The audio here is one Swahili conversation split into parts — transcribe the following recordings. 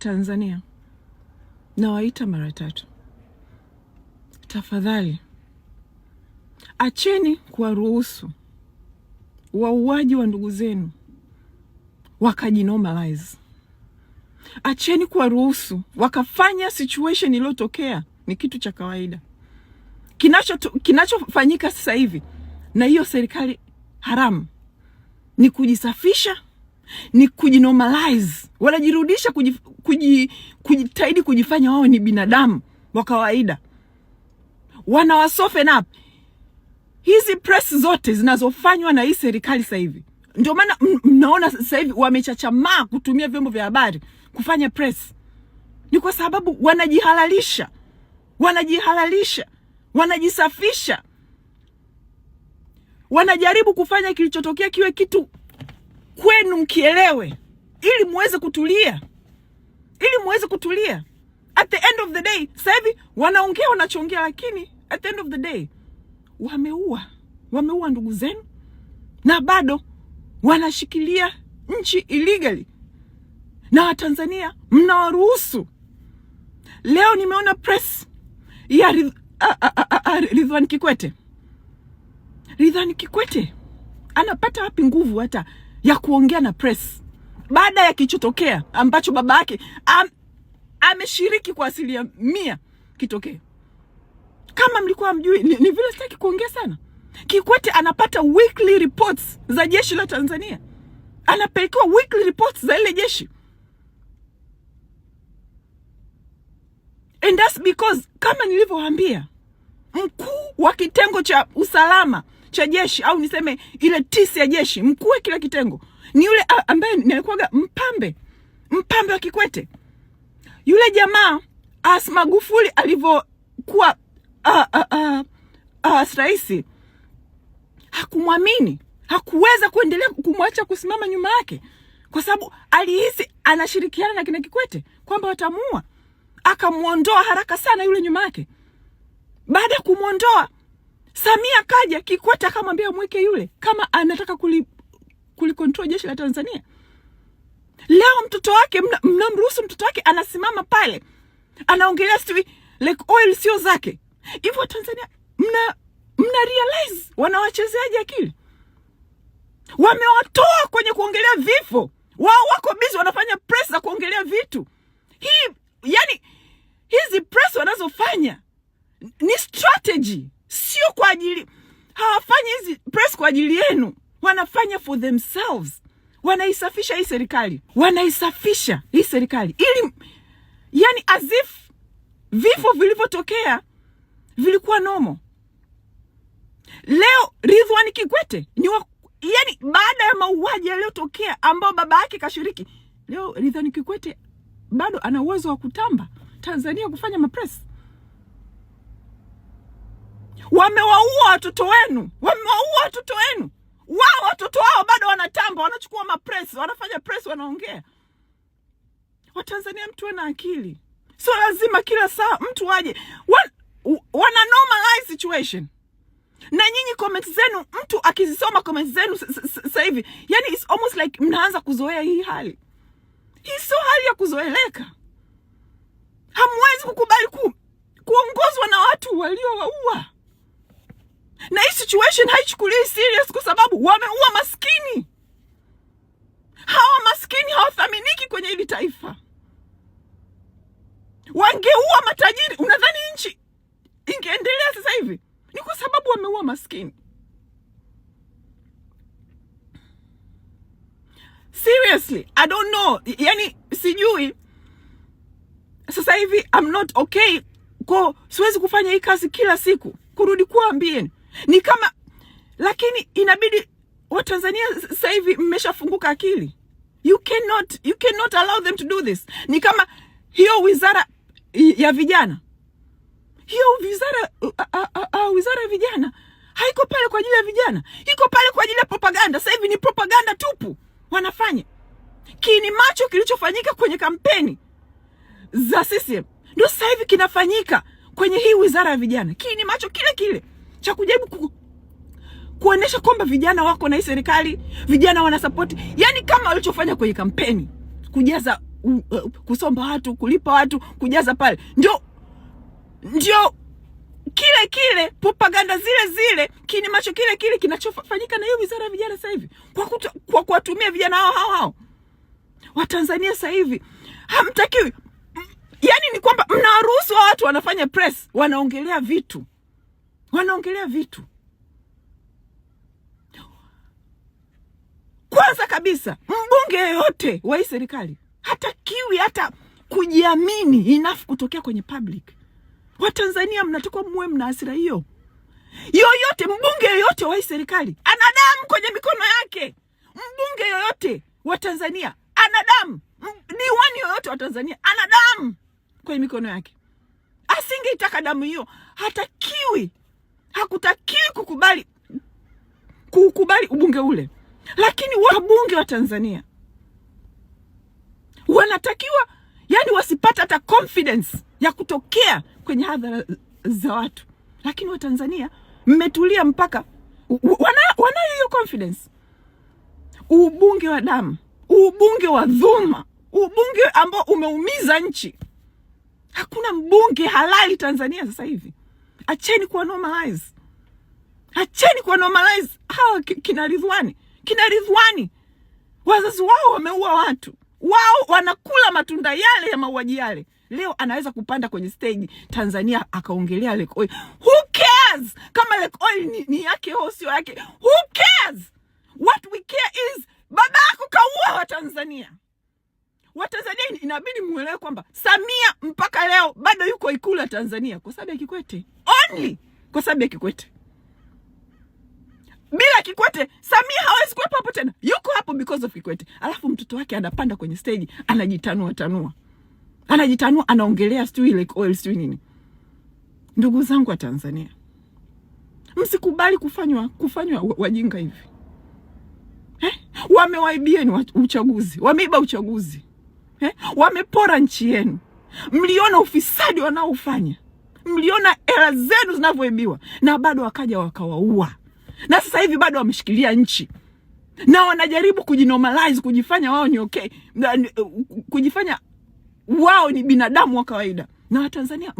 Tanzania nawaita mara tatu, tafadhali acheni kuwaruhusu wauaji wa ndugu zenu wakajinormalize. Acheni kuwaruhusu wakafanya situation iliyotokea ni kitu cha kawaida. Kinacho kinachofanyika sasa hivi na hiyo serikali haramu ni kujisafisha ni kujinormalize, wanajirudisha kujitahidi kuji, kuji, kujifanya wao ni binadamu wa kawaida, wanawasoften up hizi press zote zinazofanywa na hii serikali sasa hivi. Ndio maana mnaona sasa hivi wamechachamaa kutumia vyombo vya habari kufanya press, ni kwa sababu wanajihalalisha, wanajihalalisha, wanajisafisha, wanajaribu kufanya kilichotokea kiwe kitu kwenu mkielewe, ili muweze kutulia, ili muweze kutulia. At the end of the day, sasa hivi wanaongea wanachoongea, lakini at the end of the day wameua, wameua ndugu zenu na bado wanashikilia nchi illegally, na Watanzania mnawaruhusu. Leo nimeona press ya Ridhwan Kikwete. Ridhwan Kikwete anapata wapi nguvu hata ya kuongea na press baada ya kichotokea ambacho baba yake am, ameshiriki kwa asilimia mia kitokee. Kama mlikuwa mjui ni, ni vile sitaki kuongea sana. Kikwete anapata weekly reports za jeshi la Tanzania, anapelekewa weekly reports za ile jeshi and that's because kama nilivyowaambia, mkuu wa kitengo cha usalama cha jeshi au niseme ile tisi ya jeshi, mkuu wa kile kitengo ni yule ah, ambaye nilikuwaga mpambe mpambe wa Kikwete, yule jamaa as Magufuli alivyokuwa ah, ah, raisi, hakumwamini hakuweza kuendelea kumwacha kusimama nyuma yake, kwa sababu alihisi anashirikiana na kina Kikwete kwamba watamuua. Akamwondoa haraka sana yule nyuma yake. Baada ya kumwondoa Samia kaja Kikwete akamwambia mweke yule kama anataka kuli kulikontrol jeshi la Tanzania. Leo mtoto wake mnamruhusu, mtoto wake anasimama pale anaongelea sijui like oil sio zake hivyo. Tanzania mna, mna realize wanawachezeaje akili? Wamewatoa kwenye kuongelea vifo, wao wako bizi wanafanya press za kuongelea vitu hii. Yani hizi press wanazofanya ni strategy sio kwa ajili, hawafanyi hizi press kwa ajili yenu, wanafanya for themselves. Wanaisafisha hii serikali, wanaisafisha hii serikali ili yani, as if vifo vilivyotokea vilikuwa nomo. Leo Ridhwan Kikwete ni wa, yani baada ya mauaji yaliyotokea ambao baba yake kashiriki, leo Ridhwan Kikwete bado ana uwezo wa kutamba Tanzania kufanya mapress Wamewaua watoto wenu, wamewaua watoto wenu. Wao watoto wao bado wanatamba, wanachukua mapresi, wanafanya presi, wanaongea. Watanzania, mtu na akili, sio lazima kila saa mtu aje wan, wana normalize situation na nyinyi comments zenu, mtu akizisoma comments zenu sasa hivi, yani it's almost like mnaanza kuzoea hii hali. Hii sio hali ya kuzoeleka. Hamwezi kukubali ku, kuongozwa na watu waliowaua situation haichukuliwi serious kwa sababu wameua maskini. Hawa maskini hawathaminiki kwenye hili taifa. Wangeua matajiri, unadhani nchi ingeendelea sasa hivi? Ni kwa sababu wameua maskini. Seriously, I don't know, yani sijui sasa hivi I'm not okay, ko siwezi kufanya hii kazi kila siku, kurudi kuwaambieni ni kama lakini inabidi Watanzania sasa hivi mmeshafunguka akili. You cannot, you cannot allow them to do this. Ni kama hiyo wizara ya vijana hiyo wizara wizara ya vijana haiko pale kwa ajili ya vijana, iko pale kwa ajili ya propaganda. Sasa hivi ni propaganda tupu wanafanya. Kiini macho kilichofanyika kwenye kampeni za CCM ndio sasa hivi kinafanyika kwenye hii wizara ya vijana. Kiini macho kile kile cha kujaribu ku, kuonesha kwamba vijana wako na hii serikali, vijana wanasapoti, yani kama walichofanya kwenye kampeni kujaza uh, kusomba watu, kulipa watu, kujaza pale, ndio ndio kile kile propaganda zile zile kini macho kile kile kinachofanyika na hiyo wizara ya vijana sasa hivi, kwa kwa kuwatumia vijana hao hao hao wa Tanzania sasa hivi hamtakiwi, yani ni kwamba mnawaruhusu wa watu wanafanya press, wanaongelea vitu wanaongelea vitu. Kwanza kabisa, mbunge yoyote wa hii serikali hatakiwi hata kujiamini enough kutokea kwenye public. Watanzania mnatakiwa muwe mna hasira hiyo. Yoyote mbunge yoyote wa hii serikali ana damu kwenye mikono yake. Mbunge yoyote wa Tanzania ana damu, diwani yoyote wa Tanzania ana damu kwenye mikono yake. Asingeitaka damu hiyo, hatakiwi hakutakiwi kukubali kuukubali ubunge ule, lakini wabunge wa Tanzania wanatakiwa yani wasipate hata confidence ya kutokea kwenye hadhara za watu, lakini Watanzania mmetulia mpaka wanayo wana hiyo confidence. Ubunge wa damu, ubunge wa dhuma, ubunge ambao umeumiza nchi. Hakuna mbunge halali Tanzania sasa hivi acheni kuwa normalize, acheni kuwa normalize. Hawa ah, kina Ridhwani, kina Ridhwani wazazi wao wameua watu, wao wanakula matunda yale ya mauaji yale. Leo anaweza kupanda kwenye stage Tanzania akaongelea Lake Oil. Who cares kama Lake Oil ni, ni yake au sio yake? Who cares? What we care is baba yako kaua Watanzania. Watanzania inabidi muelewe kwamba Samia mpaka leo bado yuko Ikulu ya Tanzania kwa sababu ya Kikwete only kwa sababu ya Kikwete. Bila Kikwete Samia hawezi kuwepo hapo tena, yuko hapo because of Kikwete. Alafu mtoto wake anapanda kwenye stage anajitanua tanua, anajitanua anaongelea sijui like oil sijui nini. Ndugu zangu wa Tanzania, msikubali kufanywa kufanywa wajinga hivi eh? Wamewaibieni uchaguzi, wameiba uchaguzi eh? Wamepora nchi yenu, mliona ufisadi wanaofanya mliona hela zenu zinavyoibiwa na bado wakaja wakawaua, na sasa hivi bado wameshikilia nchi na wanajaribu kujinormalize, kujifanya wao ni okay, kujifanya wao ni binadamu wa kawaida. Na Watanzania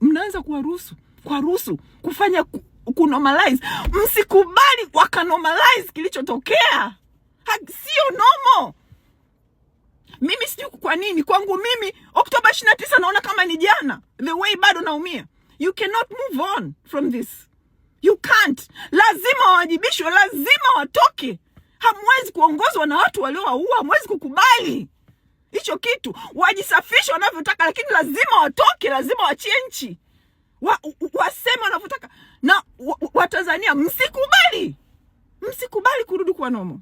mnaanza kuwaruhusu kuwaruhusu kufanya ku, kunormalize. Msikubali wakanormalize kilichotokea, sio normal. Mimi sijui kwa nini kwangu mimi Oktoba 29 naona kama ni jana, the way bado naumia. You cannot move on from this, you can't. Lazima wawajibishwe, lazima watoke. Hamwezi kuongozwa na watu waliowaua, hamwezi kukubali hicho kitu. Wajisafishe wanavyotaka, lakini lazima watoke, lazima wachie nchi, waseme wanavyotaka. Na Watanzania, msikubali, msikubali kurudi kwa nomo.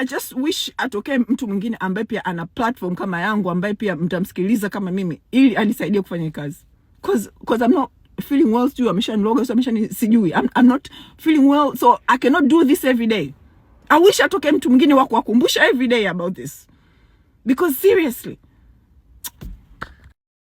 I just wish atokee mtu mwingine ambaye pia ana platform kama yangu ambaye pia mtamsikiliza kama mimi ili anisaidie kufanya kazi. Cause, cause I'm not feeling well sijui ameshaniloga sijui ameshani sijui I'm, I'm not feeling well so I cannot do this every day. I wish atokee mtu mwingine wa kuwakumbusha every day about this because seriously